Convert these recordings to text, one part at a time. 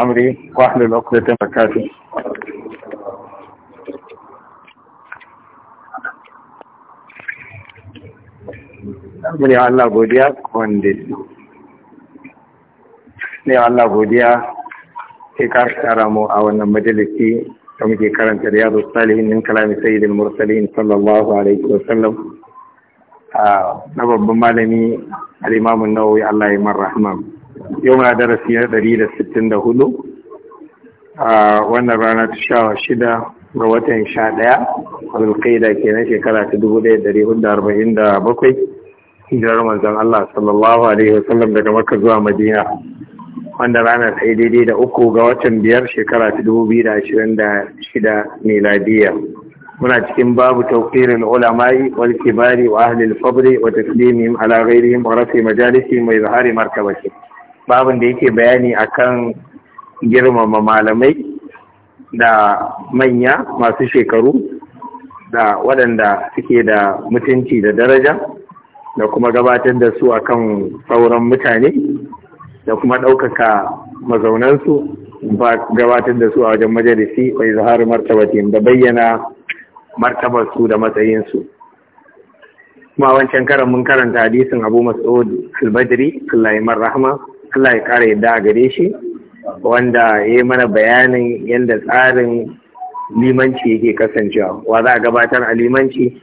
أمري واحلل عقدة بركاته Mune Allah godiya wanda ne Allah godiya ke karkara mu a wannan majalisi da muke karanta da riyadu salihin min kalami sayyidil mursalin sallallahu alaihi wa sallam ah, na babban malami al-imamu nawawi Allah ya rahman yau na darasi na ɗari da sittin da hudu a wannan rana ta sha shida ga watan sha ɗaya alƙaida ke na shekara ta dubu ɗaya ɗari hudu arba'in da bakwai hijirar manzan Allah sallallahu alaihi wasallam daga Makka zuwa Madina wanda ranar ta daidai da uku ga watan biyar shekara ta dubu biyu da ashirin da shida miladiya muna cikin babu tawfirin ulama'i wal kibari wa ahli al-fadli wa taslimihim ala ghayrihim wa rafi majalisi wa izhari markabati babin da yake bayani akan girmama malamai da manya masu shekaru da waɗanda suke da mutunci da daraja da kuma gabatar da su akan sauran mutane da kuma ɗaukaka mazaunansu ba gabatar da su a wajen majalisi mai zahari martabatihim da bayyana su da matsayinsu kuma wancan karan mun karanta hadisin Abu Mas'ud Al-Badri rahma Allah ya ƙara yadda a gare shi wanda ya yi mana bayanin yadda tsarin limanci yake kasancewa wa za a gabatar a limanci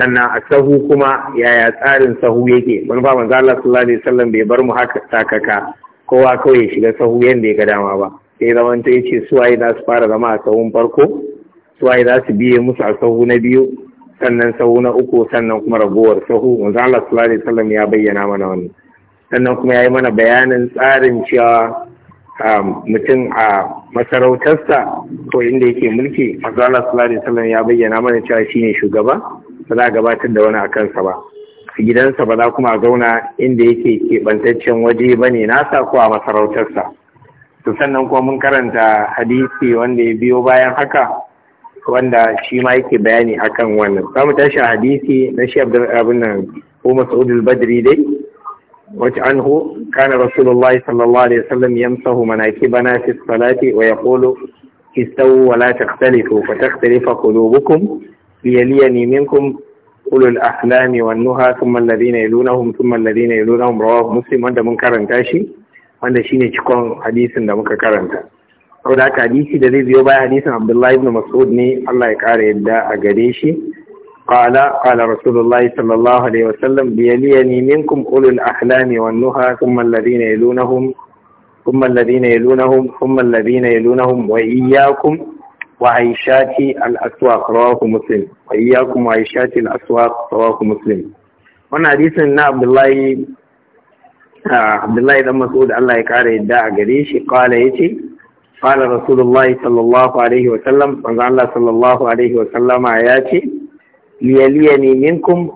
sannan a sahu kuma yaya tsarin sahu yake wani fa manzo Allah sallallahu alaihi wasallam bai bar mu haka takaka kowa kawai ya shiga sahu yanda ya ga dama ba sai zaman ta yace suwaye za su fara zama a sahun farko suwaye za su biye musu a sahu na biyu sannan sahu na uku sannan kuma ragowar sahu manzo Allah sallallahu alaihi wasallam ya bayyana mana wannan sannan kuma ya yi mana bayanin tsarin cewa mutum a masarautarsa ko inda yake mulki a salari sallan ya bayyana mana cewa shi ne shugaba ba za a gabatar da wani a kansa ba A gidansa ba za kuma a zauna inda yake keɓantaccen waje ba ne nasa ko a masarautarsa to sannan kuma mun karanta hadisi wanda ya biyo bayan haka wanda shi ma yake bayani akan wannan za mu tashi hadisi na shi abdul abin nan ko mas'udul badri dai wace anhu kana rasulullahi sallallahu alaihi wasallam yamsahu manakibana fi salati wa yaqulu istawu wa la takhtalifu fa takhtalifa qulubukum yaliyani minkum ulul al-ahlam wa an-nuha thumma Sun mallari thumma alladhina yalunahum rawahu muslim wanda mun karanta shi wanda shi ne cikon hadisin da muka karanta saboda haka hadisi da zai biyo bayan hadisin abdullahi ibn mas'ud ne Allah ya ƙara yadda a gare shi قال قال رسول الله صلى الله عليه وسلم ليليني منكم أولو الأحلام والنهى ثم الذين يلونهم ثم الذين يلونهم ثم الذين يلونهم وإياكم وعيشات الأسواق رواه مسلم وإياكم وعيشات الأسواق رواه مسلم wannan hadisin na Abdullahi Abdullahi dan Mas'ud Allah ya kare yadda a gare shi kala yace qala Rasulullahi sallallahu alaihi wa sallam liyaliyani minkum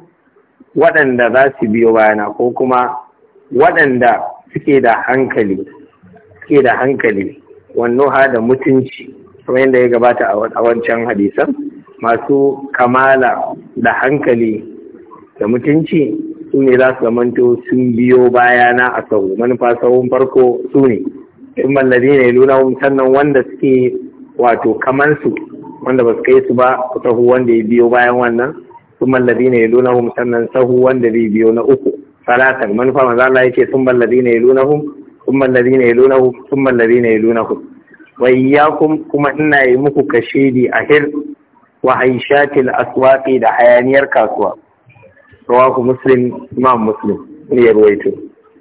waɗanda za su biyo bayana ko kuma waɗanda suke da hankali suke da hankali ha da mutunci kamar yadda ya gabata a wancan hadisan masu kamala da hankali da mutunci su ne za su zamanto sun biyo bayana a sau manufa sauhun farko su ne in mallari ne luna sannan wanda suke wato kamansu wanda ba su kai su ba ku sahu wanda ya biyo bayan wannan sun mallabi ne ya luna hum sannan sahu wanda zai biyo na uku salatar manufa maza Allah yake ce sun mallabi ne ya luna hum sun mallabi ne ya luna hum sun mallabi ne ya luna hum Wai ya kuma ina yi muku kashedi a hir wa haishatil aswaqi da hayaniyar kasuwa rawahu muslim imam muslim ne ya ruwaito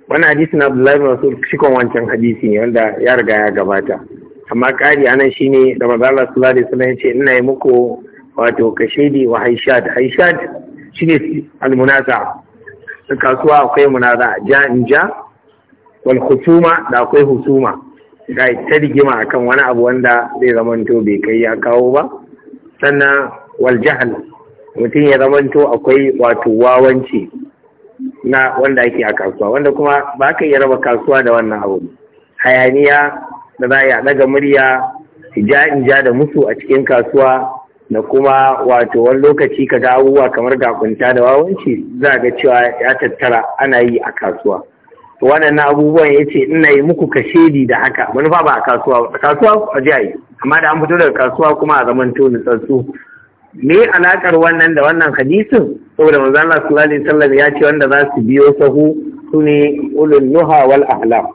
wannan hadisin Abdullahi bin Mas'ud shi wancan hadisi ne wanda ya riga ya gabata amma ƙari a nan shine da maza Allah da suna ya ce ina yi muku wato shaidi wa haishat haishat shine da kasuwa akwai munaza ja in ja wal husuma da akwai husuma ga ta rigima akan wani abu wanda zai zamanto bai kai ya kawo ba sannan wal jahal mutum ya zamanto akwai wato wawanci na wanda ake a kasuwa wanda kuma ba ka iya raba kasuwa da wannan abu hayaniya da za a ɗaga murya ja in ja da musu a cikin kasuwa da kuma wato wani lokaci ka ga abubuwa kamar ga gakunta da wawanci za ga cewa ya tattara ana yi a kasuwa Wannan abubuwan ya ce ina yi muku kashedi da haka manufa ba a kasuwa a kasuwa a ji yi amma da an fito daga kasuwa kuma a zaman tuni tsatsu me alakar wannan da wannan hadisin saboda manzo Allah sallallahu alaihi wasallam ya ce wanda za su biyo sahu sune ulul nuha wal ahlam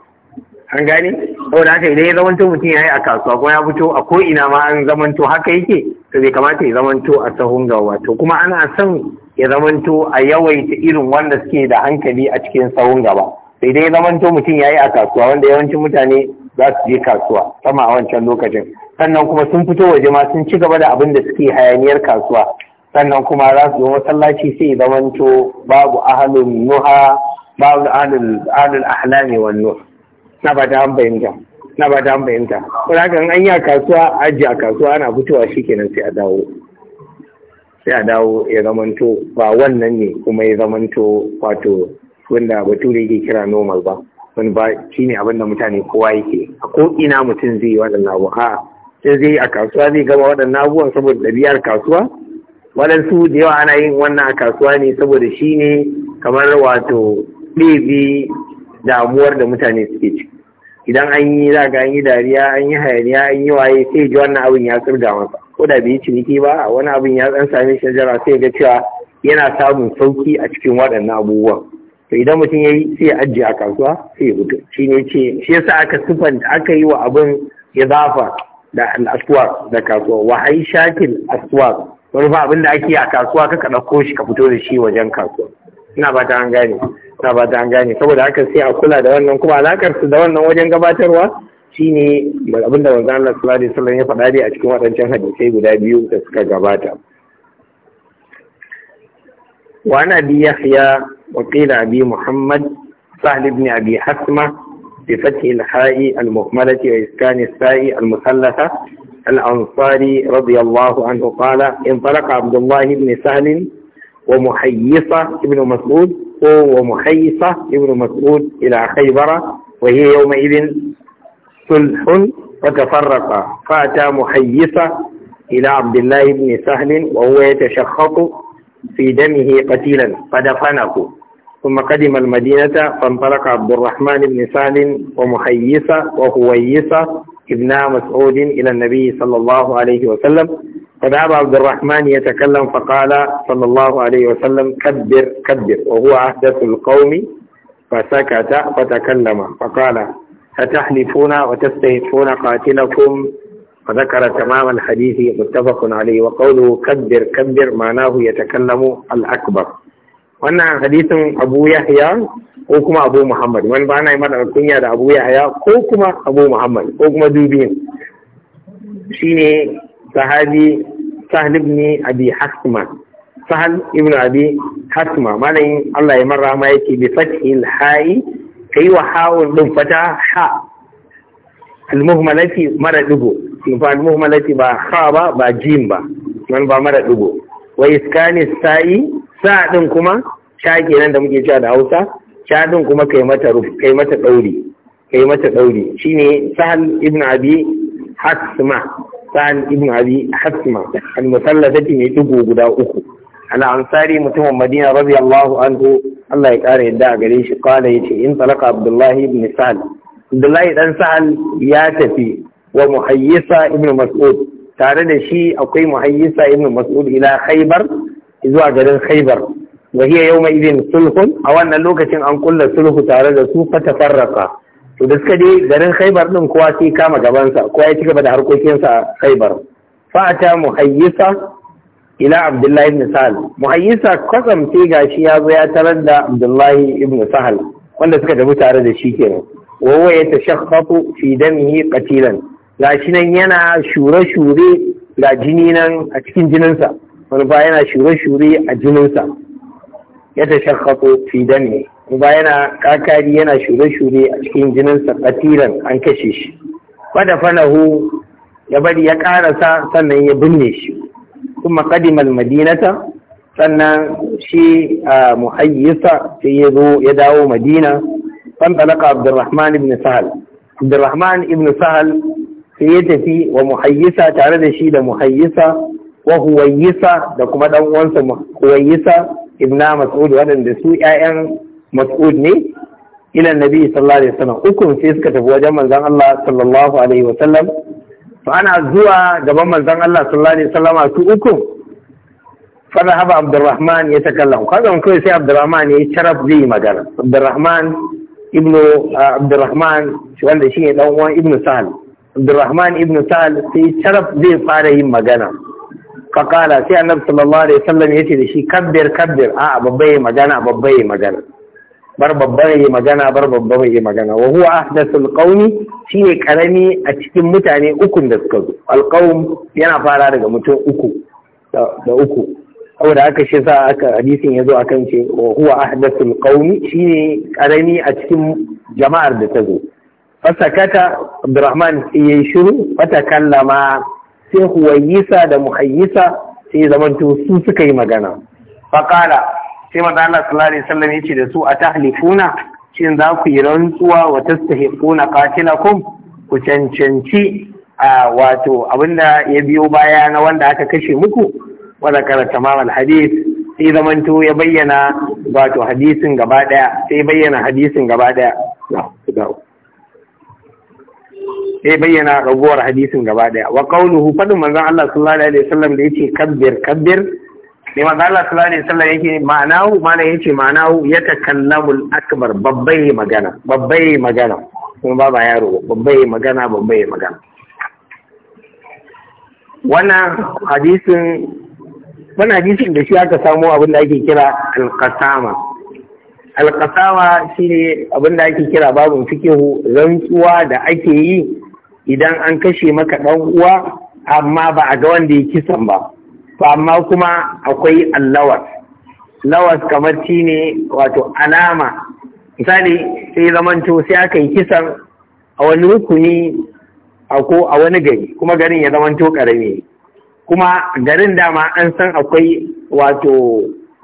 an gane saboda haka idan ya zamanto mutum ya yi a kasuwa ko ya fito a ko ina ma an zamanto haka yake to bai kamata ya zamanto a sahun gaba to kuma ana son ya zamanto a yawaita irin wanda suke da hankali a cikin sahun gaba sai dai zamanto mutum ya yi a kasuwa wanda yawancin mutane za su je kasuwa sama a wancan lokacin sannan kuma sun fito waje ma sun ci gaba da abin da suke hayaniyar kasuwa sannan kuma za su zo masallaci sai zamanto babu ahalin nuha babu ahalin ahlami wannan na ba ta fahimta na ba ta fahimta ko da an yi a kasuwa aji a kasuwa ana fitowa shikenan sai a dawo sai a dawo ya zamanto ba wannan ne kuma ya zamanto wato wanda bature yake kira normal ba wani ba shine abin da mutane kowa yake a ko ina mutum zai yi waɗannan abu a'a sai zai a kasuwa zai gama waɗannan abubuwan saboda ɗabi'ar kasuwa waɗansu da yawa ana yin wannan a kasuwa ne saboda shi ne kamar wato ɗebi damuwar da mutane suke ciki idan an yi za ga an yi dariya an yi hayaniya an yi waye sai ji wannan abin ya tsirga masa ko da bai ciniki ba wani abin ya tsan same shi jara sai ga cewa yana samun sauki a cikin waɗannan abubuwan to idan mutum ya yi sai ya ajiye a kasuwa sai ya fito shi ne ce shi yasa aka sifan aka yi wa abin zafa da al'aswar da kasuwa wa ai shakin aswar wani ba abin da ake a kasuwa ka ɗauko shi ka fito da shi wajen kasuwa ina ba ta an gane na ba ta gane saboda haka sai a kula da wannan kuma alakar su da wannan wajen gabatarwa shine abinda manzon Allah sallallahu alaihi wasallam ya faɗa dai a cikin waɗancan hadisai guda biyu da suka gabata وعن أبي يحيى وقيل أبي محمد سهل بن أبي حسمة بفتح الحاء المهملة وإسكان الساء المثلثة الأنصاري رضي الله عنه قال انطلق عبد الله بن سهل ومحيصة بن مسعود ومخيصة ابن مسعود إلى خيبر وهي يومئذ صلح وتفرق فأتى مخيصة إلى عبد الله بن سهل وهو يتشخط في دمه قتيلا فدفنه ثم قدم المدينة فانطلق عبد الرحمن بن سهل ومخيصة وهويصة ابن مسعود إلى النبي صلى الله عليه وسلم فذهب عبد الرحمن يتكلم فقال صلى الله عليه وسلم كبر كبر وهو أحدث القوم فسكت فتكلم فقال أتحلفون وتستهفون قاتلكم فذكر تمام الحديث متفق عليه وقوله كبر كبر معناه يتكلم الأكبر وانا حديث ابو يحيى وكما ابو محمد وان wani ba na ابو يحيى وكما ابو محمد وكما دوبين شيني صحابي sahal ibn abi hasma sahal ibn abi hasma malamin Allah ya marra ma yake bi fathil ha'i kai wa ha'un din fata ha al-muhmalati mara dugo fa al-muhmalati ba ha ba ba jim ba nan ba mara dugo wa iskani sa'i sa din kuma sha kenan da muke cewa da Hausa sha din kuma kai mata ruf kai mata dauri kai mata dauri shine sahal ibn abi hasma sa'an ibn abi hasma al musallatati mai digo guda uku al ansari mutumin madina radiyallahu anhu Allah ya kara yadda a gare shi kala ce in talaka abdullahi ibn sa'al abdullahi dan sa'al ya tafi wa muhayyisa ibn mas'ud tare da shi akwai muhayyisa ibn mas'ud ila khaybar zuwa garin khaybar wa yau yawma idin sulhun a wannan lokacin an kulla sulhu tare da su fa ta farraka. to da suka je garin khaibar ɗin kowa sai kama gabansa kowa ya ci gaba da harkokinsa a khaibar fa'ata muhayyisa ila abdullahi ibn sahal muhayyisa kwatsam sai gashi ya zo ya tarar da abdullahi ibn sahal wanda suka tafi tare da shi kenan wawa ya tashaqqatu fi damihi qatilan gashi nan yana shure-shure ga jini nan a cikin jininsa wani ba yana shure-shure a jininsa ya tashaqqatu fi damihi kuma yana kakari yana shure-shure a cikin jininsa tsatiran an kashe shi fada fanahu ya bari ya karasa sannan ya binne shi kuma kadimal madinata sannan shi a muhayyisa sai ya zo ya dawo madina fantalaka abdurrahman ibn sahal abdurrahman ibn sahal sai ya tafi wa muhayyisa tare da shi da muhayyisa wa huwayyisa da kuma dan uwansa huwayyisa ibn mas'ud waɗanda su 'ya'yan mas'ud ne ila nabi sallallahu alaihi wasallam ukun sai suka tafi wajen manzon Allah sallallahu alaihi wasallam to ana zuwa gaban manzon Allah sallallahu alaihi wasallam su ukun fa haba Abdurrahman ya takallam kaga kai sai Abdurrahman ya sharaf zai magana Abdurrahman ibnu ah, Abdurrahman wanda shine dan uwan ibnu Sahal Abdurrahman ibnu Sahal sai sharaf zai fara yin magana فقال سي النبي صلى الله عليه وسلم يتي دشي كبر كبر اه بابا magana babba yayi magana bar babba ya magana bar babba yi magana wa huwa ahdathul qawmi shine karami a cikin mutane ukun da suka zo alqawm yana fara daga mutum uku da uku saboda aka shi sa aka hadisin ya zo akan ce wa huwa ahdathul qawmi shine karami a cikin jama'ar da ta zo fasakata abdurrahman sai yayi shiru fatakallama, kallama sai huwayisa da muhayyisa sai zamantu su suka yi magana faqala sai maza Allah sallallahu alaihi wasallam ya ce da su a tahlifuna shin za ku yi rantsuwa wa tastahiquna qatilakum ku cancanci a wato abinda ya biyo baya na wanda aka kashe muku wa zakara tamam alhadith sai zamanto ya bayyana wato hadisin gaba daya sai bayyana hadisin gaba daya sai bayyana ragowar hadisin gaba daya wa qauluhu fadin manzon Allah sallallahu alaihi wasallam da yace kabbir kabbir ne manzo Allah sallallahu alaihi wasallam yake ma'anahu mana yace ma'anahu yatakallamul akbar babbai magana babbai magana kuma ba yaro babbai magana babbai magana wannan hadisin wannan hadisin da shi aka samo abin da ake kira al alqasama shine abin da ake kira babun fikihu rantsuwa da ake yi idan an kashe maka dan uwa amma ba a ga wanda ya kisan ba to amma kuma akwai allawas lawas kamar shi ne wato alama misali sai zamanto sai aka yi kisan a wani rukuni a ko a wani gari kuma garin ya zamanto karami kuma garin dama an san akwai wato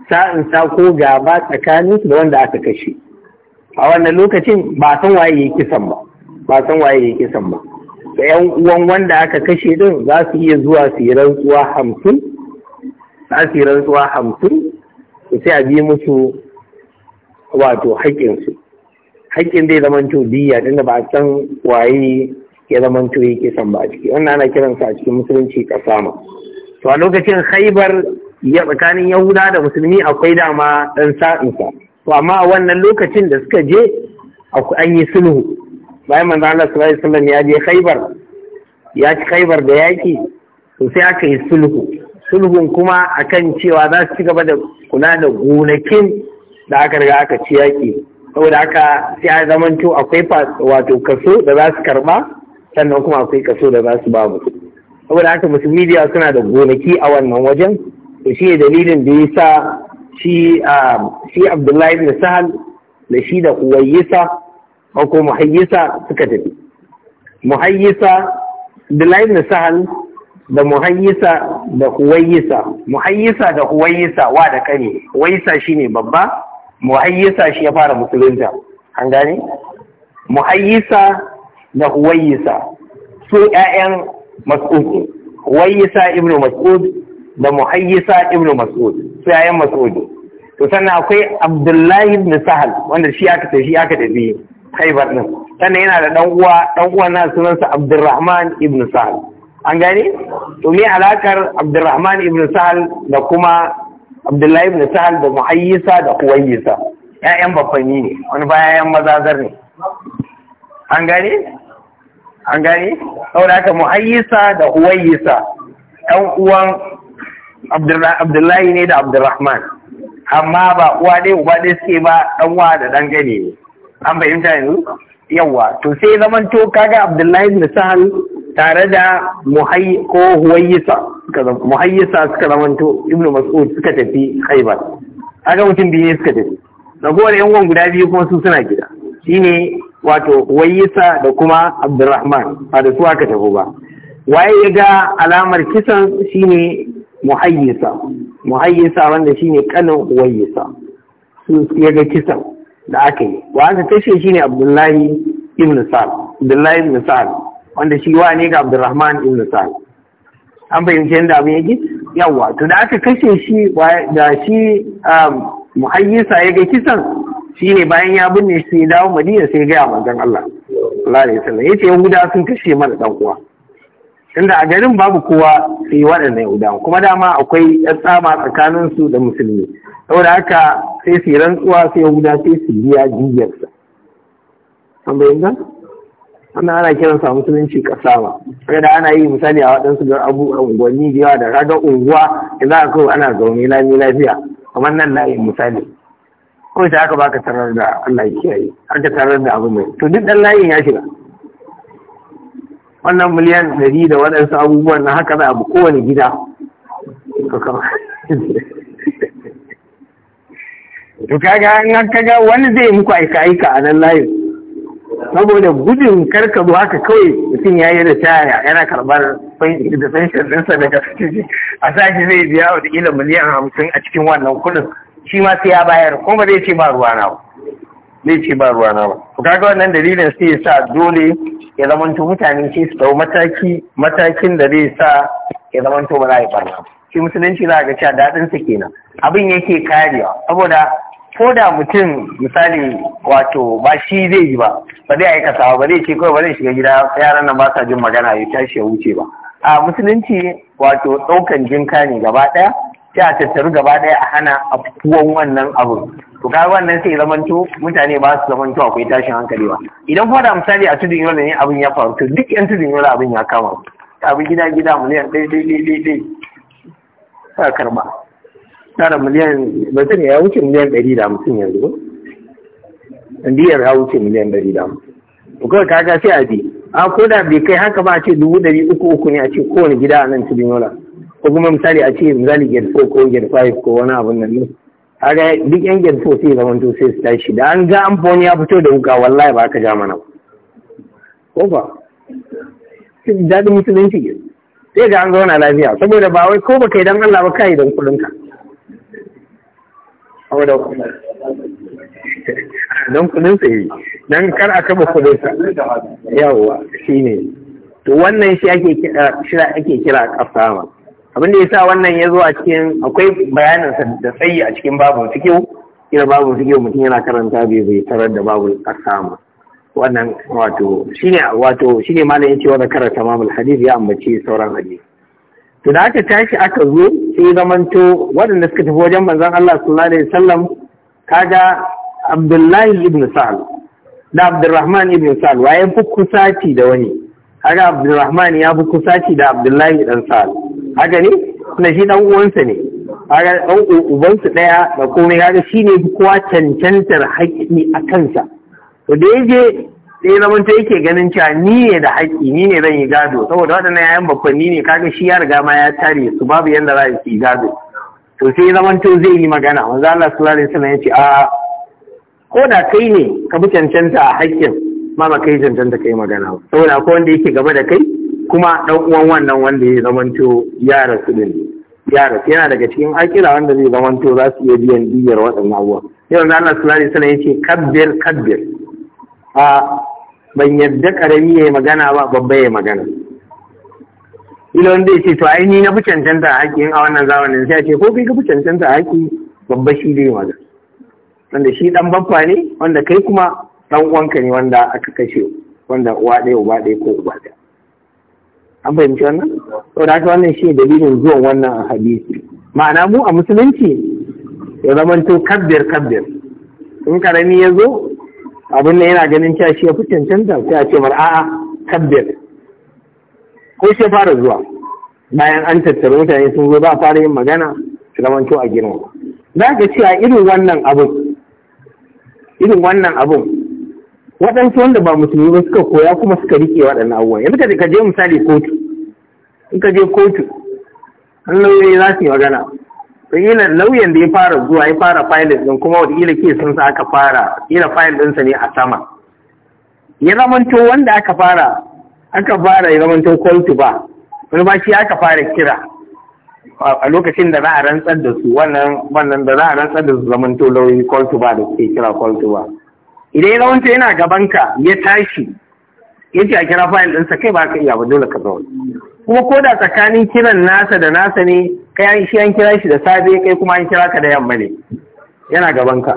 sa'in ko gaba tsakanin su da wanda aka kashe a wannan lokacin ba san waye yi kisan ba ba san waye yi kisan ba yan uwan wanda aka kashe din za su iya zuwa su yi rantsuwa hamsin asirin rantsuwa hamsin sai a bi musu wato haƙƙinsu haƙƙin zai zamanto diya tunda ba a san waye ya zamanto yake san ba a ciki wannan ana kiransa a cikin musulunci kasama to a lokacin haibar ya tsakanin yahuda da musulmi akwai dama ɗan sa'insa to amma a wannan lokacin da suka je an yi sulhu bayan manzo Allah sallallahu alaihi wasallam ya je haibar ya ci haibar da yaƙi, to sai aka yi sulhu sulhun kuma akan cewa za su ci gaba da kula da gonakin da aka riga aka ci yaƙi saboda haka sai a to akwai wato kaso da za su karba sannan kuma akwai kaso da za su ba musulmi saboda haka musulmi da suna da gonaki a wannan wajen to shi dalilin da ya sa shi shi Abdullahi ibn Sahal da shi da Huwayyisa ko Muhayyisa suka tafi Muhayyisa Abdullahi ibn Sahal da muhayyisa da huwayyisa muhayyisa da huwayyisa wa da kane waisa shine babba muhayyisa shi ya fara musulunta an gane muhayyisa da huwayyisa su ƴaƴan mas'ud huwayyisa ibnu mas'ud da muhayyisa ibnu mas'ud su ƴaƴan mas'ud to sannan akwai abdullahi ibn sahal wanda shi aka tafi shi aka tafi khaybar din sannan yana da dan uwa dan uwan nan sunansa abdurrahman ibn sahal an gane to me alakar abdurrahman ibn sahal da kuma abdullahi ibn sahal da muhayyisa da kuwayyisa ƴaƴan bafani ne wani ba ƴaƴan mazazar ne an gane an gane saboda haka muhayyisa da kuwayyisa ɗan uwan abdullahi ne da abdurrahman amma ba uwa ɗaya uba ɗaya suke ba ɗan uwa da ɗan gane ne an fahimta yanzu yawa to sai zaman to kaga abdullahi ibn sahal tare da muhayyi ko huwayyisa suka zama muhayyisa suka zamanto Ibn mas'ud suka tafi khaybar aka mutum biyu ne suka tafi ragowar yan uwan guda biyu kuma su suna gida shine wato huwayyisa da kuma abdurrahman ba da su aka tafi ba waye ya ga alamar kisan shine muhayyisa muhayyisa wanda shine kanin huwayyisa su ya ga kisan da aka yi wa aka kashe shine abdullahi ibn sa'ad abdullahi ibn sa'ad wanda shi wa ne ga Abdulrahman ibn Sa'id an fahimci yadda abin yake yawa to da aka kashe shi da shi um, muhayyisa ya ga kisan shi ne bayan ya binne shi ya dawo madina sai gaya manzon Allah Allah ya sallama yace yahuda sun kashe mana dan uwa tunda a garin babu kowa sai waɗannan yahudawa kuma dama akwai ƴan tsama tsakanin su da musulmi saboda haka sai su rantsuwa sai yahuda sai su biya jiyarsa an bayyana wannan ana kiran sa musulunci kasama kada ana yi misali a waɗansu da abu unguwanni da yawa da raga unguwa za a kawo ana zaune lami lafiya kamar nan na yi misali ko ita aka baka tarar da Allah ya kiyaye aka tarar da abu mai to duk dan layin ya shiga wannan miliyan ɗari da waɗansu abubuwan na haka za a kowane gida to kaga in ga wani zai muku aika aika a nan layin saboda gudun karka zo haka kawai mutum ya yi da taya yana karɓar da fenshin ɗinsa daga a sashi zai biya wataƙila miliyan hamsin a cikin wannan kuɗin shi ma sai ya bayar kuma zai ce ba ruwa na zai ce ba ruwa na ba Ku kaga wannan dalilin sai sa dole ya zamanto mutane sai su dau mataki matakin da zai sa ya zamanto ba za a yi barna shi musulunci za a ga cewa daɗinsa kenan abin yake karewa saboda ko da mutum misali wato ba shi zai yi ba ba zai aikata ba zai ce kawai ba zai shiga gida yaran nan ba sa jin magana ya tashi ya wuce ba a musulunci wato ɗaukan jinka ne gaba ɗaya sai a tattaru gaba ɗaya a hana afuwan wannan abu to ga wannan sai zamanto mutane ba su zamanto akwai tashin hankali ba idan kuma da misali a tudun yola ne abin ya faru to duk yan tudun yola abin ya kama abin gida gida miliyan ɗai ɗai ɗai dai sa karba tara miliyan ba sani ya wuce miliyan ɗari da hamsin yanzu biyar ya wuce miliyan ɗari da hamsin to kawai ga sai a bi a ko da bai kai haka ba a ce dubu ɗari uku uku ne a ce kowane gida a nan cikin yola ko kuma misali a ce misali get four ko get five ko wani abun nan ne kaga duk yan get four sai zaman to sai su tashi da an ga amfani ya fito da wuka wallahi ba ka ja mana ba ko ba daɗin musulunci sai ga an zauna lafiya saboda ba wai ko ba kai dan Allah ba kai dan kuɗinka da kuma don kudin tsaye, don kar a taba kudin sa shi shine to wannan shi ake kira shi ake kira kasama abin da ya sa wannan ya zo a cikin akwai bayanin sa da tsayi a cikin babu kyau, kira babu kyau mutum yana karanta bai bai tarar da babu kasama wannan wato shine wato shine malamin cewa da karanta mamul hadith ya ambaci sauran hadith to da aka tashi aka zo sai zamanto waɗanda suka tafi wajen manzon Allah sallallahu alaihi wasallam kaga Abdullahi ibn Sa'al da Abdurrahman ibn Sa'al waye fi kusaci da wani kaga Abdurrahman ya fi kusaci da Abdullahi dan Sa'al haka ne na shi dan uwansa ne kaga dan ubansu daya da komai kaga shine kuwa kowa cancantar haƙƙi a kansa to da yaje sai zaman ta yake ganin cewa ni ne da haƙƙi ni ne zan yi gado saboda waɗannan yayan ni ne kaga shi ya riga ma ya tare su babu yanda za su yi gado to sai zaman to zai yi magana wanzu Allah su alaihi suna ya a ko da kai ne ka bi cancanta a haƙƙin ma ba kai cancanta kai magana ba, saboda akwai wanda yake gaba da kai kuma ɗan uwan wannan wanda ya zaman to ya rasu din ya rasu yana daga cikin akira wanda zai zaman to za su iya biyan diyar waɗannan abubuwa yau Allah su alaihi suna ya ce kabbir kabbir a ban yadda karami ya yi magana ba babba ya yi magana ilo wanda ya ce to ainihi na fi cancanta a haƙi a wannan zamanin sai a ce ko kai ka fi cancanta a haƙi babba shi ne magana wanda shi dan baffa ne wanda kai kuma dan uwanka ne wanda aka kashe wanda uwa ɗaya uba ɗaya ko uba ɗaya an fahimci wannan to da haka wannan shi dalilin zuwan wannan a hadisi ma'ana mu a musulunci ya zamanto kabbir kabbir in karami ya zo abin da yana ganin cewa shi ya fi cancanta sai a ce mar a'a kabbir ko shi fara zuwa bayan an tattara mutane sun zo ba fara yin magana su zamanto a girma za ka a irin wannan abin irin wannan abin waɗansu wanda ba musulmi ba suka koya kuma suka riƙe waɗannan abubuwan yanzu ka je misali kotu in ka je kotu an lauyoyi za su yi magana ila lauyan da ya fara zuwa ya fara fayil din kuma ke sun sa aka fara ila fayil ɗinsa ne a sama ya zamanto wanda aka fara aka fara ya zamanto kwaltu ba wani ba shi aka fara kira a lokacin da za a rantsar da su wannan da za a rantsar da su zamanto lauyi kwaltu ba da suke kira kwaltu ba idan ya zamanto yana gabanka ya tashi ya ce a kira fayil ɗinsa kai ba ka iya ba dole ka zaune kuma ko da tsakanin kiran nasa da nasa ne kai an shi an kira shi da safe kai kuma an kira ka da yamma ne yana gaban ka.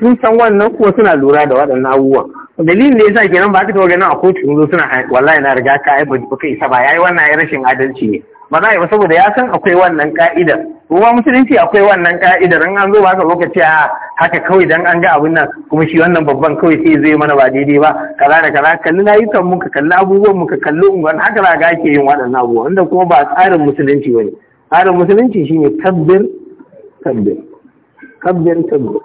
sun san wannan kuma suna lura da waɗannan abubuwan dalilin da yasa kenan ba ka taɓa ganin a kotu in zo suna wallahi na riga ka ai ba ka isa ba yayi wannan ya rashin adalci ne ba za a yi ba saboda ya san akwai wannan ka'idar kuma musulunci akwai wannan ka'idar in an zo ba ka lokaci a haka kawai dan an ga abin nan kuma shi wannan babban kawai sai zai mana ba daidai ba kaza da kaza kalli layukan mu ka kalli abubuwan mu ka kalli unguwan haka za ga ake yin waɗannan abubuwa wanda kuma ba tsarin musulunci ba ne tsarin musulunci shine kabbir kabbir kabbir kabbir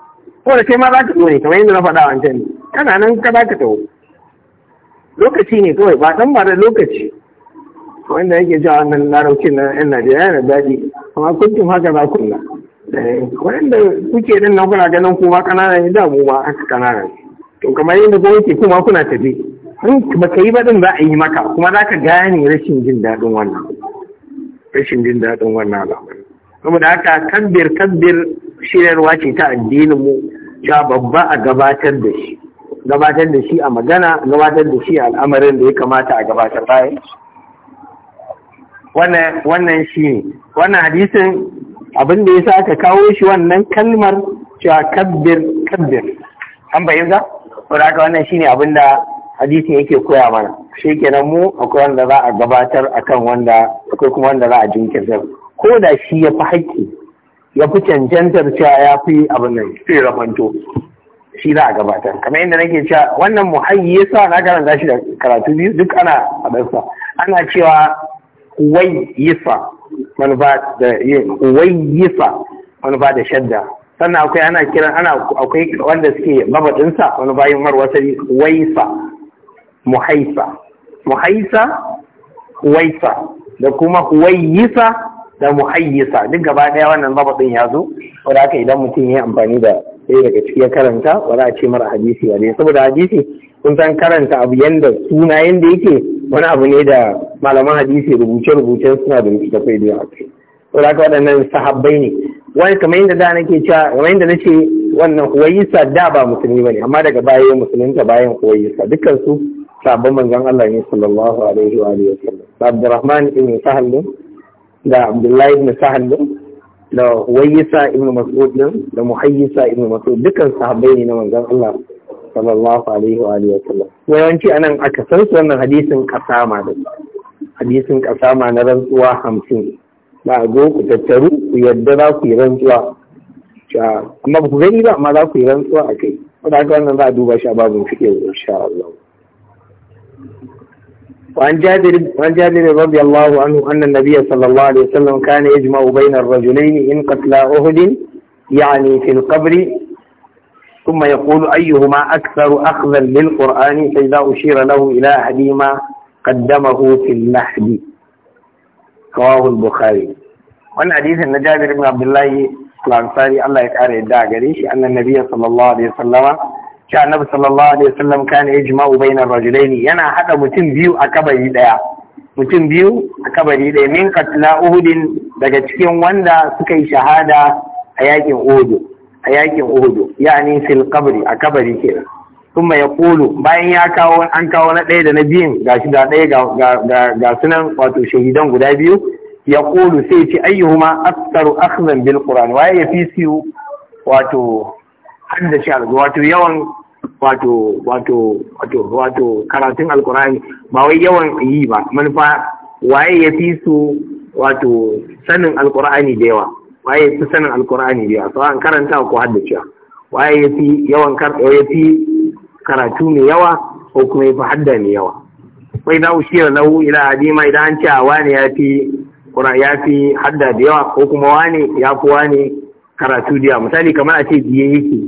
ko da kai ma za ka zo ne kamar yadda na faɗa wancan kana nan ka za ka taho lokaci ne kawai ba ɗan ba da lokaci wanda yake jawa nan larabcin na yan Najeriya yana daɗi amma kuntum haka za kunna eh, wanda kuke din nan kuna ganin kuma kanana ne damu mu aka kanana to kamar yadda kuma yake kuma kuna tafi in baka yi baɗin za a yi maka kuma za ka gane rashin jin daɗin wannan rashin jin daɗin wannan al'amari saboda haka kabbir kabbir shirarwa ce ta addinin mu ta babba a gabatar da shi gabatar da shi a magana gabatar da shi a al'amarin da ya kamata a gabatar bayan wannan shi ne wannan hadisin abin da ya sa aka kawo shi wannan kalmar cewa kabbir kabbir an fahimta ko haka wannan shi ne abin da hadisin yake koya mana shi kenan mu akwai wanda za a gabatar akan wanda akwai kuma wanda za a jinkirtar ko da shi ya fi haƙƙi ya fi cancantar cewa ya fi abin nan sai rafanto shi za a gabatar kamar yadda nake cewa wannan muhayyi sa na karanta shi da karatu biyu duk ana a ana cewa kuwayyisa manufa da manufa da shadda sannan akwai ana kiran ana akwai wanda suke mabadinsa wani bayan marwa sai waisa muhaisa muhaisa waisa da kuma huwayisa da muhayisa duk gaba daya wannan mabadin ya zo wanda aka idan mutum ya amfani da ɗaya daga ciki ya karanta wanda a ce mara hadisi ba saboda hadisi sun san karanta abu yanda suna yadda yake wani abu ne da malaman hadisi rubuce rubuce suna da kai da yawa saboda haka waɗannan sahabbai ne wani kamar yadda da nake cewa kamar yadda nace wannan huwayisa da ba musulmi bane amma daga baya musulunta bayan huwayisa dukkan su sabon manzon Allah ne sallallahu alaihi wa alihi wasallam Abdurrahman ibn Sahal da Abdullahi ibn Sahal da huwayisa ibn Mas'ud da Muhayyisa ibn Mas'ud dukkan sahabbai ne na manzon Allah sallallahu alaihi wa alihi wasallam yawanci anan aka san su wannan hadisin kasama da hadisin kasama na rantsuwa hamsin ba a zo ku tattaru ku yadda za ku yi rantsuwa amma ba ku gani ba amma za ku yi rantsuwa a kai wanda haka wannan za a duba shi a babin fiƙe insha Allah وعن جابر رضي الله عنه أن النبي صلى الله عليه وسلم كان يجمع بين الرجلين إن قتلى أهد يعني في القبر ثم يقول أيهما أكثر أخذا للقرآن فإذا أشير له إلى أحدهما قدمه في اللحد رواه البخاري وأن حديث أن جابر بن عبد الله الأنصاري الله يتعالى يدعى قريش أن النبي صلى الله عليه وسلم كان النبي صلى الله عليه وسلم كان يجمع بين الرجلين ينا حتى متن بيو أكبر إليه mutum biyu a kabari ɗaya min katla uhudin daga cikin wanda suka yi shahada a yakin uhudin a yakin uhudu ni fil qabri a kabari ke kuma ya kulu bayan ya kawo an kawo na ɗaya da na biyun ga shi da ɗaya ga sunan wato shahidan guda biyu ya kulu sai ce ayyuhuma aktaru akhzan bil qur'an waye ya fi siyu wato shi alqur'ani wato yawan wato wato wato wato karatun alqur'ani ba wai yawan yi ba manufa waye ya fi su wato sanin alqur'ani da yawa waye su fi sanin alkur'ani biya to an karanta ko haddacewa waye ya fi yawan ya fi karatu mai yawa ko kuma ya fi hadda mai yawa wai na ushira na hu ila adima idan an ce a wani ya fi ya fi hadda da yawa ko kuma wani ya fi wani karatu da yawa misali kamar a ce biye yake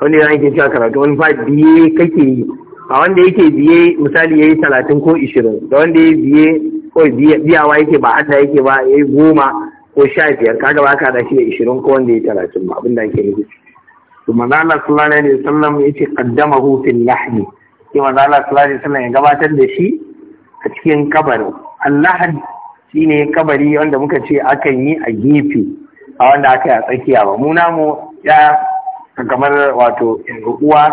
Wani idan yake cewa karatu wani fa biye kake yi a wanda yake biye misali ya yi talatin ko ishirin da wanda ya biye ko biyawa yake ba hadda yake ba ya yi goma ko sha biyar kaga ba ka da shi da ishirin ko wanda ya talatin ba abinda ake nufi to manzo Allah sallallahu alaihi wasallam ce qaddamahu fil lahmi sai manzo Allah sallallahu alaihi wasallam ya gabatar da shi a cikin kabarin Allah shine kabari wanda muka ce akan yi a gefe a wanda aka yi a tsakiya ba mu namu ya kamar wato uwa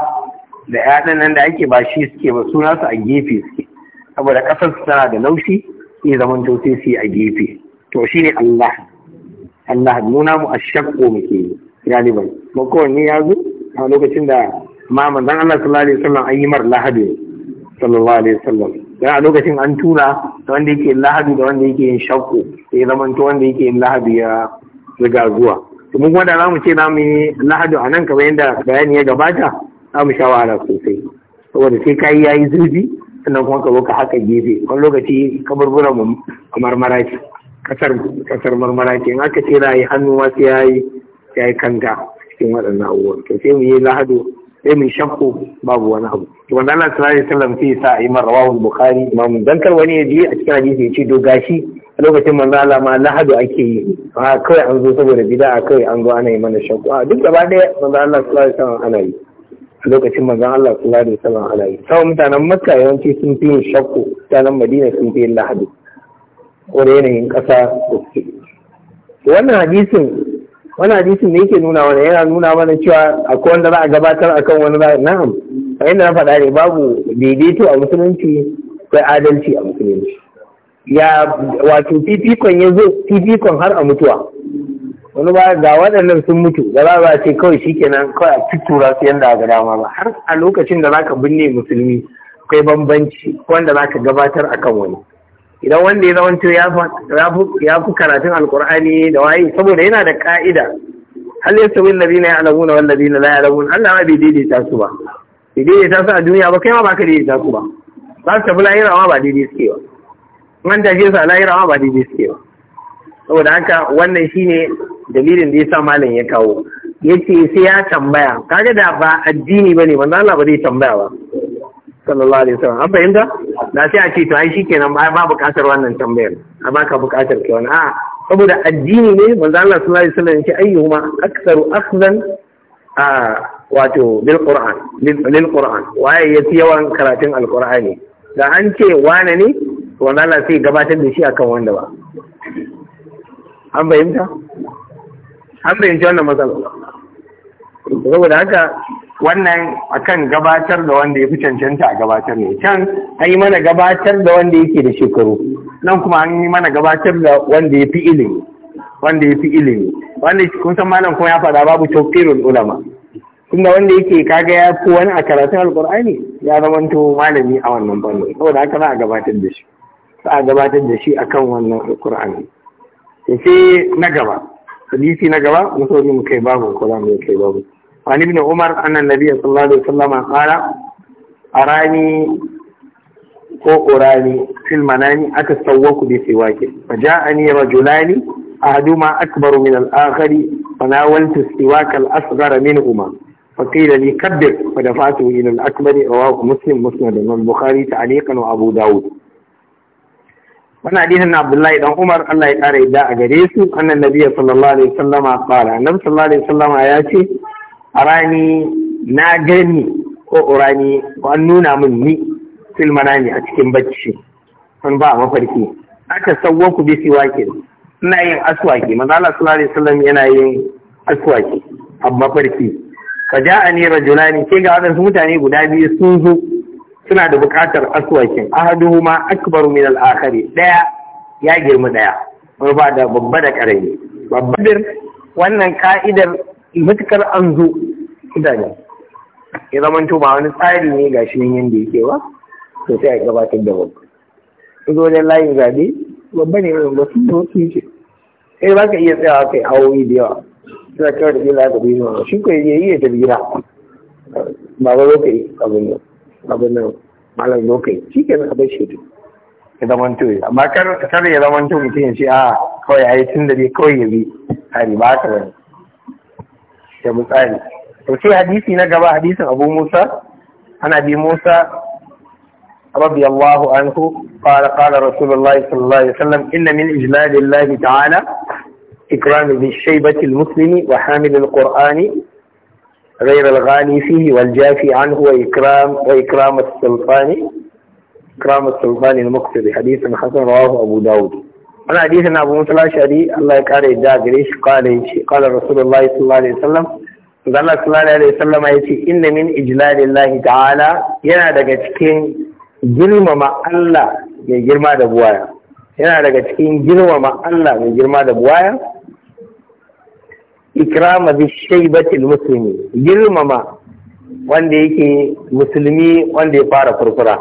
da ƴaƴan nan da ake ba shi suke ba suna su a gefe suke saboda ƙasar su tana da laushi sai zaman to sai su yi a gefe to shine Allah Allah nuna mu shakko muke galibai. ba kowanne ya zo a lokacin da ma Zan Allah sallallahu alaihi wasallam an yi mar lahadu sallallahu alaihi wasallam dan a lokacin an tura da wanda yake lahadu da wanda yake yin shakko ya zama to wanda yake yin lahadu ya riga zuwa mun wanda za zamu ce zamu yi lahadu a nan kamar yadda bayani ya gabata za mu sha wahala sosai saboda sai kayi yayi zurfi sannan kuma ka zo ka haka gefe wani lokaci kaburburan mu kamar marashi kasar marmara ke aka ce da yi hannu ma sai yayi yayi kanga cikin waɗannan abubuwan to sai mu yi lahadu sai mu shakku babu wani abu to wanda Allah sallallahu alaihi wasallam sai sa a imar rawahu bukhari imam dan kar wani ya je a cikin hadisi ya ce do gashi a lokacin manzo Allah ma lahadu ake yi a kai an zo saboda bid'a kai an zo ana yi mana shakku a duk gaba ɗaya manzo Allah sallallahu alaihi wasallam ana yi a lokacin manzon Allah sallallahu alaihi wasallam ana yi sawa mutanen Makka yawanci sun fi yin shakku mutanen Madina sun fi yin lahadu ko yanayin ƙasa da suke wannan hadisin wannan hadisin ne yake nuna wani yana nuna mana cewa akwai wanda za a gabatar akan wani ra'ayi na'am a inda na faɗa ne babu daidaito a musulunci sai adalci a musulunci ya wato fifikon ya zo fifikon har a mutuwa wani ba ga waɗannan sun mutu da ba ce kawai shikenan kawai a tuttura su yanda ga dama ba har a lokacin da zaka binne musulmi akwai bambanci wanda zaka gabatar akan wani idan wanda ya zamanto ya fi karatun alkur'ani da waye saboda yana da ka'ida hal ya sabi lalazina ya alamu na wallazina la ya alamu Allah ma bai daidaita su ba bai daidaita su a duniya ba kai ma ba ka daidaita su ba za su tafi lahira ma ba daidai suke ba man tafiye su a lahira ma ba daidai suke ba saboda haka wannan shine dalilin da ya sa malam ya kawo ya ce sai ya tambaya kaga da ba addini ba ne manzo Allah ba zai tambaya ba sallallahu alaihi wasallam an fahimta da sai a ce to ai shikenan ba ba bukatar wannan tambayar a baka bukatar ke wani a saboda addini ne manzo Allah sallallahu alaihi wasallam ce ayyuhuma aktsaru akhdan a wato bil qur'an lil qur'an waye yafi yawan karatun alqur'ani da an ce wane ne wanda Allah sai gabatar da shi akan wanda ba an fahimta an fahimci wannan matsalar saboda haka wannan akan gabatar da wanda ya fi cancanta a gabatar ne can an yi mana gabatar da wanda yake da shekaru nan kuma an yi mana gabatar da wanda ya fi ilimi wanda ya fi ilimi wanda kun san malam kuma ya faɗa babu tawfirul ulama tunda wanda yake kaga ya fi wani a karatun alkur'ani ya to malami a wannan fannin saboda haka za a gabatar da shi za a gabatar da shi akan wannan alkur'ani sai na gaba hadisi na gaba mu mu kai babu ko za mu kai babu عن ابن عمر أن النبي صلى الله عليه وسلم قال أراني ko ƙurani fil manani aka sawwaku bi siwaki fa ja'ani rajulan ahaduma akbaru min al-akhir fa nawaltu siwaka al-asghara minhuma fa qila li kabbir fa dafa'tu ila al-akbar rawahu muslim musnad al bukhari ta'liqan wa abu daud wannan hadisin na abdullahi dan umar Allah ya kare da a gare su annan nabiyyi sallallahu alaihi wasallama qala ya ce arani na gani ko urani an nuna min ni fil manami a cikin bacci sun ba mafarki aka sauwa ku bi siwakin ina yin aswaki manzo Allah sallallahu alaihi wasallam yana yin aswaki a mafarki fa ja'ani rajulani ke ga wadansu mutane guda biyu sun zo suna da buƙatar aswakin ahaduhuma akbaru min al-akhari daya ya girma daya wani ba da babba da karami babbar wannan ka'idar matukar an zo idanu ya to ba wani tsari ne ga shi da yake ba to sai a gabatar da babba zo wajen layin zabe babba ne mai wasu da wasu yake sai ba ka iya tsayawa kai awoyi da yawa suna kawai da ila ka bi nuna shi ko ya iya tafi gida ba ba zo kai abin nan abin nan malam zo kai shi ke nan abin shi ya zamanto ya amma kar ya zamanto mutum ya ce a ah, kawai a yi tun da dai kawai ya bi hari ba ka ba ne da mutsari to sai hadisi na gaba hadisin abu musa ana bi musa رضي الله عنه قال قال رسول الله صلى الله عليه وسلم إن من إجلال الله تعالى إكرام ذي الشيبة المسلم وحامل القرآن غير الغاني فيه والجافي عنه وإكرام وإكرام السلطان إكرام السلطان المقصد حديث حسن رواه أبو داود wani hadisi na abu mutala shari Allah ya kare da gare shi kwalin shi kwalin rasulullahi sallallahu alaihi wasallam Allah sallallahu alaihi wasallam ya ce inna min ijlalillahi ta'ala yana daga cikin girmama Allah mai girma da buwaya yana daga cikin girmama Allah mai girma da buwaya ikrama bi shaybatil muslimi girmama wanda yake musulmi wanda ya fara furfura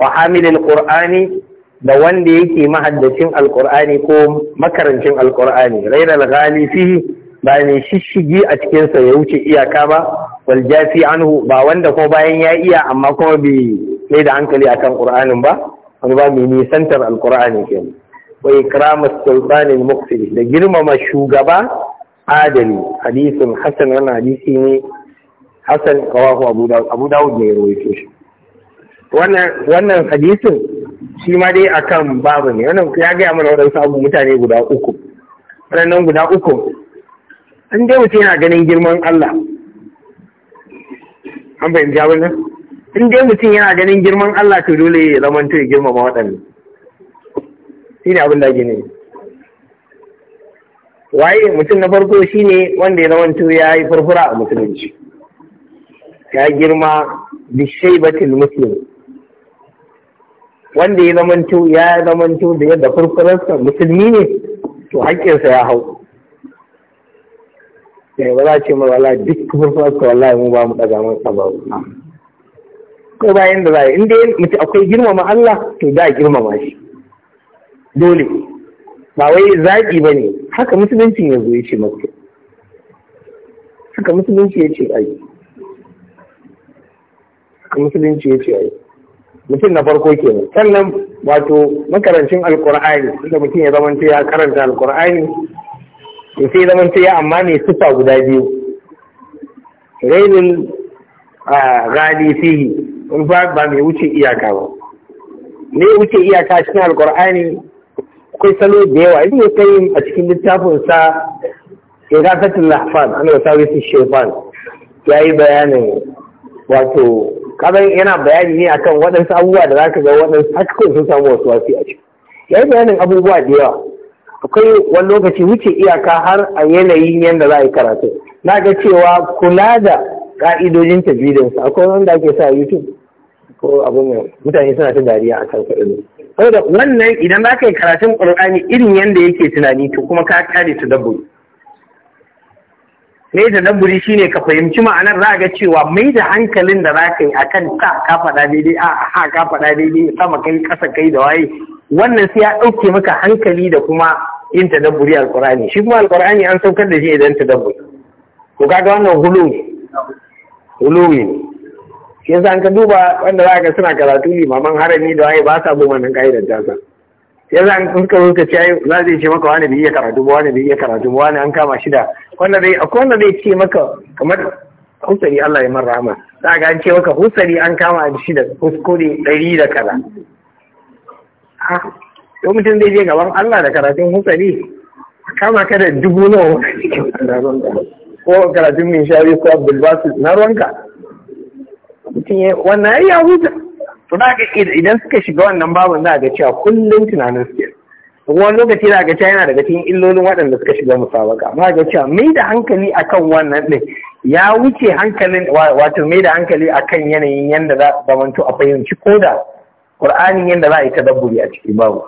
wa hamilil qur'ani da wanda yake mahaddacin alkur'ani ko makarancin alkur'ani raira alghali fihi ba ne shishigi a cikin sa ya wuce iyaka ba wal jafi anhu ba wanda ko bayan ya iya amma kuma bai mai da hankali akan qur'anin ba wani ba mai nisantar alkur'ani kenan wa ikramus sultani muqtadi da girmama shugaba adali hadithun hasan wannan hadisi ne hasan kawahu abu dawud abu dawud ne ya rawaito shi wannan wannan hadisin shi ma dai a kan babu ne wannan ya gaya mana waɗansu abu mutane guda uku waɗannan guda uku an dai mutum yana ganin girman Allah an fahimci jawo nan in dai mutum yana ganin girman Allah to dole ya zama ya girmama waɗannan shi ne abin da gini waye mutum na farko shi ne wanda ya zama ya yi furfura a musulunci ya girma bishabatil muslim wanda ya zamanto ya zamanto da yadda farfararsa musulmi ne to haƙƙinsa ya hau sai eh, ba za ce mai wala duk furfurarsa wallahi mu ba mu ɗaga mun sabaru ko bayan da za a inda mutu akwai girmama Allah to za a girmama shi dole ba wai zaƙi ba ne haka musulunci ya zo ya ce maka haka musulunci ya ce ai haka musulunci ya ce ai mutum na farko kenan sannan wato makarancin alkur'ani inda mutum ya zamanta ya karanta alkur'ani ya sai zamanta ya amma ne sifa guda biyu rainin gani fihi in ba ba mai wuce iyaka ba me wuce iyaka cikin alkur'ani akwai salo da yawa in ya kai a cikin littafin littafinsa irasatul lahfan an rasawisu shefan ya yi bayanin wato kaga yana bayani ne akan waɗansu abubuwa da zaka ga waɗansu hakikun sun samu wasu wasi a ciki yayi bayanin abubuwa da yawa akwai wani lokaci wuce iyaka har a yanayin yadda za a yi karatu na ga cewa kula da ka'idojin tajwidinsu akwai wanda ake sa youtube ko abin mai mutane suna ta dariya a kan kuɗi saboda wannan idan za ka yi karatun ƙur'ani irin yadda yake tunani to kuma ka kare su dabbobi ne da daburi shine ka fahimci ma'anar za ga cewa mai da hankalin da za ka yi kan ka ka faɗa daidai a ha ka faɗa daidai sama kai ƙasa kai da waye wannan sai ya ɗauke maka hankali da kuma yin tadabburi alƙur'ani shi kuma alƙur'ani an saukar da shi idan ko ka ga wannan huluwi huluwi ne shi yasa an ka duba wanda za ka suna karatu limaman harami da waye ba sa bin wannan ka'idar tasa yanzu an kuka zo ce ai za zai ce maka wani bai iya karatu ba wani bai iya karatu ba wani an kama shi da wanda bai akwai wanda bai ce maka kamar husari Allah ya mara rahama za ga an ce maka husari an kama shi da kuskure ɗari da kaza yau mutum zai je gaban Allah da karatun husari kama ka da dubu nawa ko karatun min shari ko abdulbasu na ruwanka mutum ya wannan ya huta to ga idan suka shiga wannan babin za ga cewa kullum tunanin suke wani lokaci za ga cewa yana daga cikin illolin waɗanda suka shiga musabaka amma ga cewa mai da hankali akan wannan ɗin ya wuce hankalin wato mai da hankali akan yanayin yadda za a zamanto a fahimci ko da ƙur'anin yadda za a yi tadabburi a ciki babu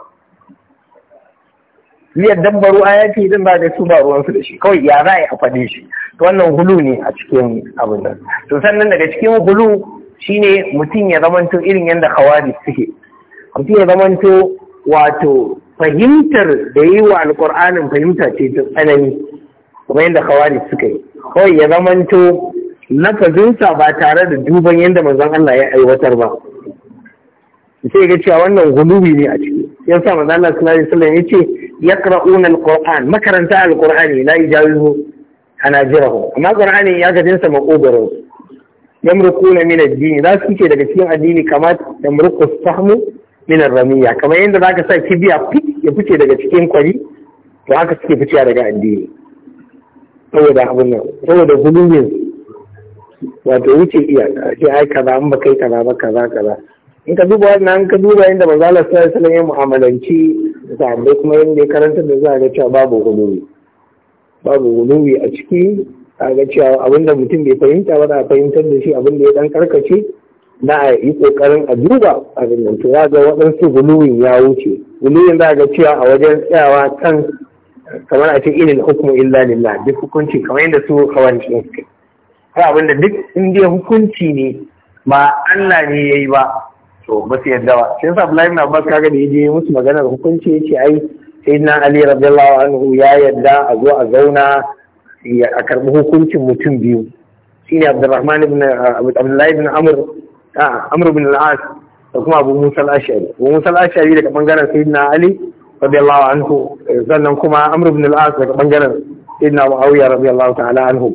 liyar dabbaru ayati idan ba da su ba ruwansu da shi kawai ya za a yi a faɗi shi to wannan hulu ne a cikin abin nan to sannan daga cikin hulu shine mutum ya zamanto irin yadda khawarij suke mutum ya zamanto wato fahimtar da yi wa alkur'anin fahimta ce ta tsanani kuma yadda khawarij suka yi kawai ya zamanto nakazinsa ba tare da duban yadda manzon Allah ya aiwatar ba sai ga cewa wannan gulubi ne a ciki yan sa manzon Allah sallallahu alaihi wasallam yace yaqra'una alquran makaranta alqur'ani la yajawizu anajirahum amma qur'ani ya gajinsa makogaro yamruquna min addini za su fice daga cikin addini kamar yamruqu sahmu min ar-ramiya kamar yadda zaka sa kibiya fit ya fice daga cikin kwari to haka suke fice daga addini saboda abin nan saboda gulumin wato wuce iyaka sai ai kaza an bakai kaza ba kaza kaza in ka duba wannan ka duba yadda manzo Allah sallallahu alaihi wasallam ya mu'amalanci sahabbai kuma yadda ya karanta da za ga cewa babu guluwi babu guluwi a ciki ga cewa abinda mutum bai fahimta ba na fahimtar da shi abinda ya dan karkace na a yi kokarin a duba abin nan to ya ga waɗansu guluwin ya wuce guluwin za ga cewa a wajen tsayawa kan kamar a ce ilil hukumu illa lillah duk hukunci kamar yadda su ne suke kai abinda duk indiya hukunci ne ba Allah ne yayi ba to ba su yadda ba sai sa Ibrahim na Abbas kaga da yaje musu maganar hukunci yace ai sayyidina Ali radiyallahu anhu ya yadda a zo a zauna a karɓi hukuncin mutum biyu shine Abdurrahman ibn uh, Abdullahi ibn Amr uh, Amr ibn al-As da kuma Abu Musa al-Ash'ari Abu Musa al-Ash'ari daga bangaren Sayyidina Ali radiyallahu anhu eh, sannan kuma Amr ibn al-As daga bangaren Sayyidina Muawiya radiyallahu ta'ala anhu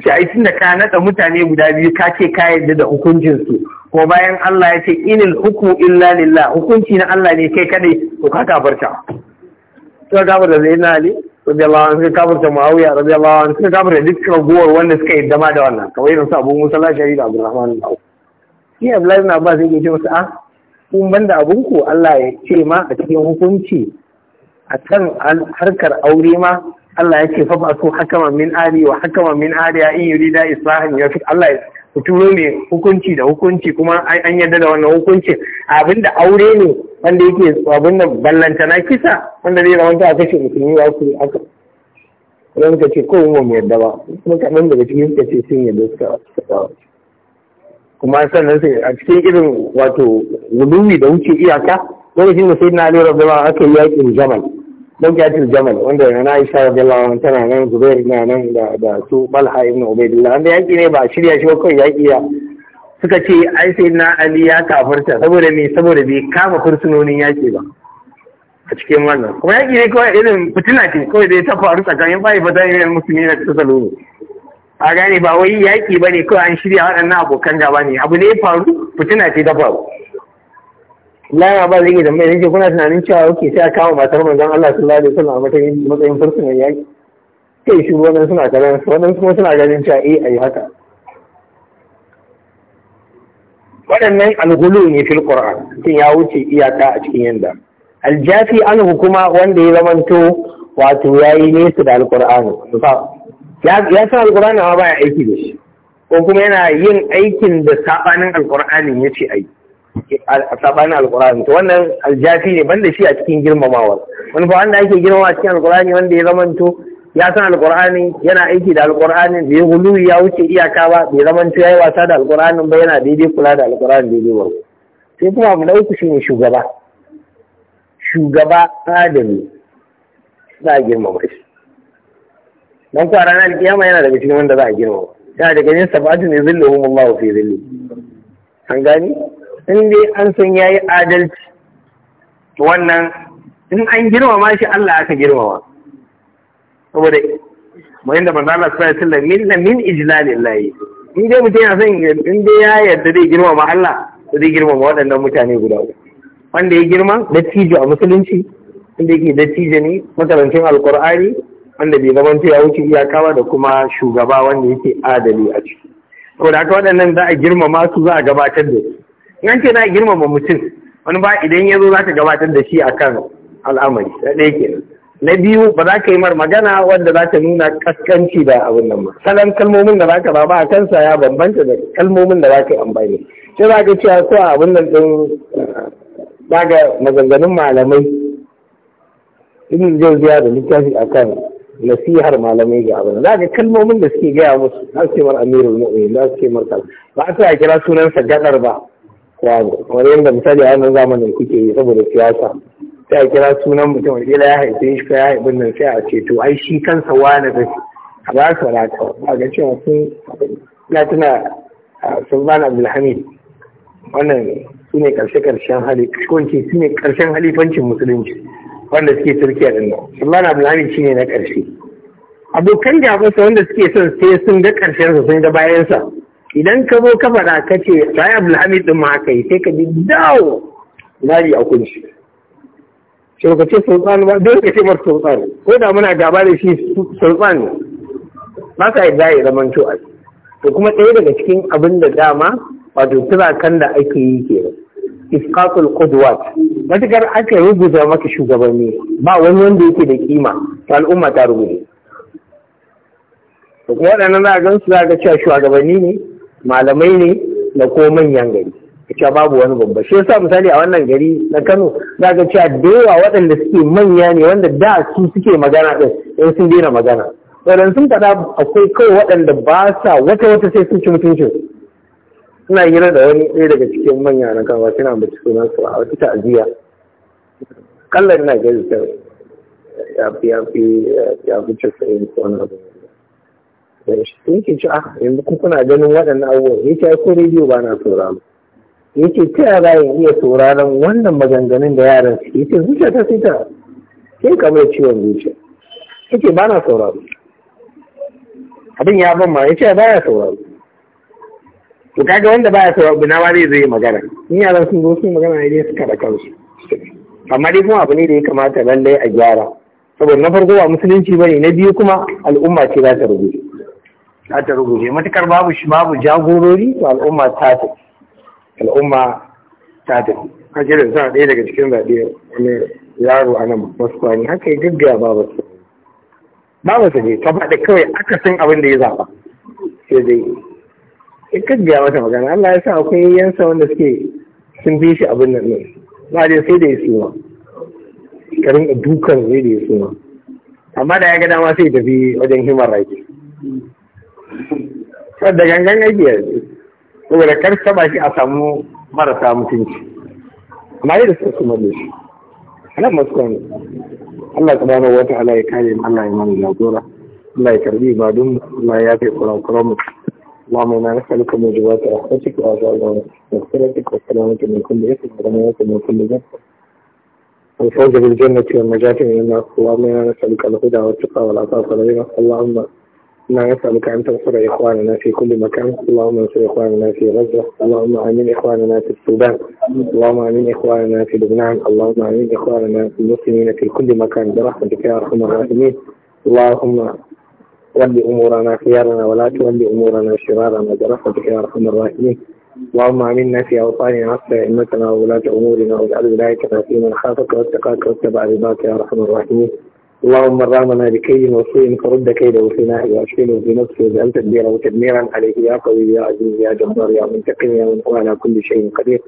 sai ai tunda ka nada mutane guda biyu ka ce ka yadda da hukuncin su ko bayan Allah ya ce inil hukmu illa lillah hukunci na Allah ne kai kadai to ka gafarta to da Sayyidina Ali radiyallahu anhu suka kafirta muawiya radiyallahu anhu suka kafirta duk ragowar wanda suka yi dama da wannan kawai irin su abu musa lashari da abdurrahman bin auf shi abdullahi ibn abbas yake ce masa ah kun banda abun ku Allah ya ce ma a cikin hukunci akan harkar aure ma Allah ya ce fa ba su hakama min ali wa hakama min ali in yurida islahan yafi Allah kuturo mai hukunci da hukunci kuma an yadda da wannan hukuncin abin da aure ne wanda yake abin da ballanta na kisa wanda zai zama ta kashe musulmi ba su aka Wani ka ce ko mu mu yadda ba kuma kaɗan daga cikin ka ce sun yadda suka suka kuma sannan sai a cikin irin wato wuluwi da wuce iyaka lokacin da sai na lura da ba aka yi yaƙin zaman. Bukatul Jamal wanda na Aisha radiyallahu anha tana nan Zubair na nan da da su na ibn Ubaidillah wanda yaki ne ba shirya shi ba kawai yaki ya suka ce ai sai na Ali ya kafarta saboda me saboda bai kama fursunonin yaki ba a cikin wannan kuma yaki ne kawai irin fitina ce kawai dai ta faru tsakanin bai fata ne musulmi da ta salo a gane ba wai yaki bane kawai an shirya waɗannan abokan gaba ne abu ne ya faru fitina ce ta faru lana ba zai da mai yake kuna tunanin cewa yake sai a kama matar manzan Allah sallallahu alaihi suna a matsayin matsayin fursunan yaƙi. kai shi wannan suna kallon wannan kuma suna ganin cewa eh ayi haka waɗannan algulu ne fil qur'an mutum ya wuce iyaka a cikin yanda aljafi an hukuma wanda ya zamanto wato yayi nesa da alqur'ani ya san alqur'ani amma baya aiki da shi ko kuma yana yin aikin da sabanin ya yace aiki a sabanin alkurani to wannan aljafi ne banda shi a cikin girmamawar wani ba wanda ake girmama a cikin alkurani wanda ya zamanto ya san alkurani yana aiki da alkurani da ya gulu ya wuce iyaka ba bai zamanto ya yi wasa da alkurani ba yana daidai kula da alkurani daidai wa sai kuma abu na uku shine shugaba shugaba adami za a girmama shi dan kuwa ranar alkiyama yana daga cikin wanda za a girmama yana daga yin sabatu ne zilluhum Allah fi zilli an gani in dai an san ya yi adalci wannan in an girmama shi Allah aka girmama saboda da inda manzo Allah sallallahu alaihi wasallam min min ijlalillahi in dai mutum yana son in dai ya yarda zai girmama Allah zai girmama waɗannan mutane guda uku wanda ya girma dattijo a musulunci wanda yake dattijo ne makarantun alkur'ani wanda bai zamanto ya wuce iyakawa da kuma shugaba wanda yake adali a ciki saboda haka waɗannan za a girmama su za a gabatar da su nan ce na girmama mutum wani ba idan ya zo za ka gabatar da shi akan al'amari na ɗaya ke na biyu ba za ka yi mar magana wanda za ta nuna kaskanci da abin nan ba salon kalmomin da za ka ba a kansa ya bambanta da kalmomin da za ka yi amfani sai za ka cewa ko abin nan ɗin daga ga maganganun malamai ibn jauziya da littafi akan nasihar malamai ga abin za ga kalmomin da suke gaya musu za su ce mar amirul mu'min za su ce mar ba a sa kira sunansa gadar ba babu kamar yadda misali a wannan zamanin kuke yi saboda siyasa sai a kira sunan mutum wanda ya haife shi ko ya haifi nan sai a ce to ai shi kansa wani da a ba su rata a ga cewa sun na tuna sulman abdulhamid wannan su ne karshe-karshen halifanci su ne karshen halifancin musulunci wanda suke turkiya din nan sulman abdulhamid shi ne na karshe abokan gabansa wanda suke son sai sun ga karshensa sun ga bayansa idan ka zo ka faɗa ka ce sai abdulhamid din ma haka yi sai ka ji dawo gari a kunshi. shi sai ka ce sultan ba dole ka ce mar sultan ko da muna gaba da shi sultan ba ka yi ya zaman to a to kuma ɗaya daga cikin abin da dama wato kan da ake yi kenan iskakul qudwat matakar aka rubuta maka shugabanni ba wani wanda yake da kima ta al'umma ta rubuta to waɗannan za a gan su za a ga cewa shugabanni ne malamai ne na ko manyan gari ita babu wani babba shi yasa misali a wannan gari na Kano za ga cewa da yawa waɗanda suke manya ne wanda da su suke magana din in sun daina magana wannan sun faɗa akwai kawai waɗanda ba sa wata wata sai sun ci mutuncin suna hira da wani ɗaya daga cikin manya na Kano suna mace sunan su a wata ta'aziyya kallon na gari ya fi ya fi ya fi cikin wani abu yake ci a, ah, yanzu ku kuna ganin waɗannan abubuwan yake ce ko rediyo ba na sauraro yake ta yara ya iya sauraron wannan maganganun da yaran su yake zuciya ta sai ta sai kamar ciwon zuciya yake ba na sauraro abin ya ban ma ce ba ya sauraro to kaga wanda ba ya sauraro bina ba zai zai magana in yaran sun zo sun magana ne su kada da kansu amma dai kuma abu ne da ya kamata lallai a gyara saboda na farko ba musulunci ba ne na biyu kuma al'umma ce za ta rubuta za ta rubuce matukar babu babu jagorori to al'umma ta tafi al'umma ta tafi Kaje da sa ɗaya daga cikin zaɓe wani yaro a nan masu haka ya gaggaya babu su babu su ne ta faɗi kawai akasin abin da ya zaɓa sai dai ya gaggaya mata magana Allah ya sa akwai yansa wanda suke sun bi shi abin nan ne ba dai sai da ya suma karin dukan sai da ya suma amma da ya ga dama sai tafi wajen himar rights wadda gangan yake yanzu saboda kar ta shi a samu marasa mutunci amma yadda su su malle shi nan masu kwanu Allah subhanahu wata Allah ya kare mu Allah ya mana jagora Allah ya karbi ibadun Allah ya kai kurakuran mu اللهم انا نسالك موجبات رحمتك واجعل مغفرتك والسلامة من كل اثم والغنيمة من كل ذنب والفوز بالجنة والنجاة wasu النار اللهم انا نسالك الهدى والتقى والعطاء والغنى amma. ما نسألك أن تنصر إخواننا في كل مكان اللهم انصر إخواننا في غزة اللهم أمين إخواننا في السودان اللهم أمين إخواننا في لبنان اللهم أمين إخواننا في المسلمين في كل مكان برحمتك يا أرحم الراحمين اللهم ولي أمورنا خيارنا ولا تولي أمورنا شرارنا برحمتك يا أرحم الراحمين اللهم آمنا في أوطاننا عصر أئمتنا وولاة أمورنا واجعل ولايتنا في من خافك واتقاك واتبع رضاك يا أرحم الراحمين اللهم رامنا بكيد وصي فرد كيده في ناحيه واشغله في نفسه واجعل تدبيره وتدميرا عليه يا قوي يا عزيز يا جبار يا منتقم يا من هو على كل شيء قدير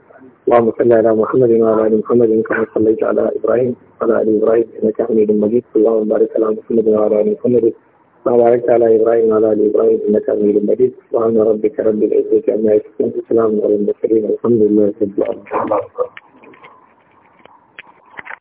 اللهم صل على محمد وعلى ال محمد كما صليت على ابراهيم وعلى ال ابراهيم انك حميد مجيد اللهم بارك على محمد وعلى ال محمد كما باركت على ابراهيم وعلى ال ابراهيم انك حميد مجيد سبحان ربك رب العزه عما يصفون السلام على المرسلين والحمد لله رب العالمين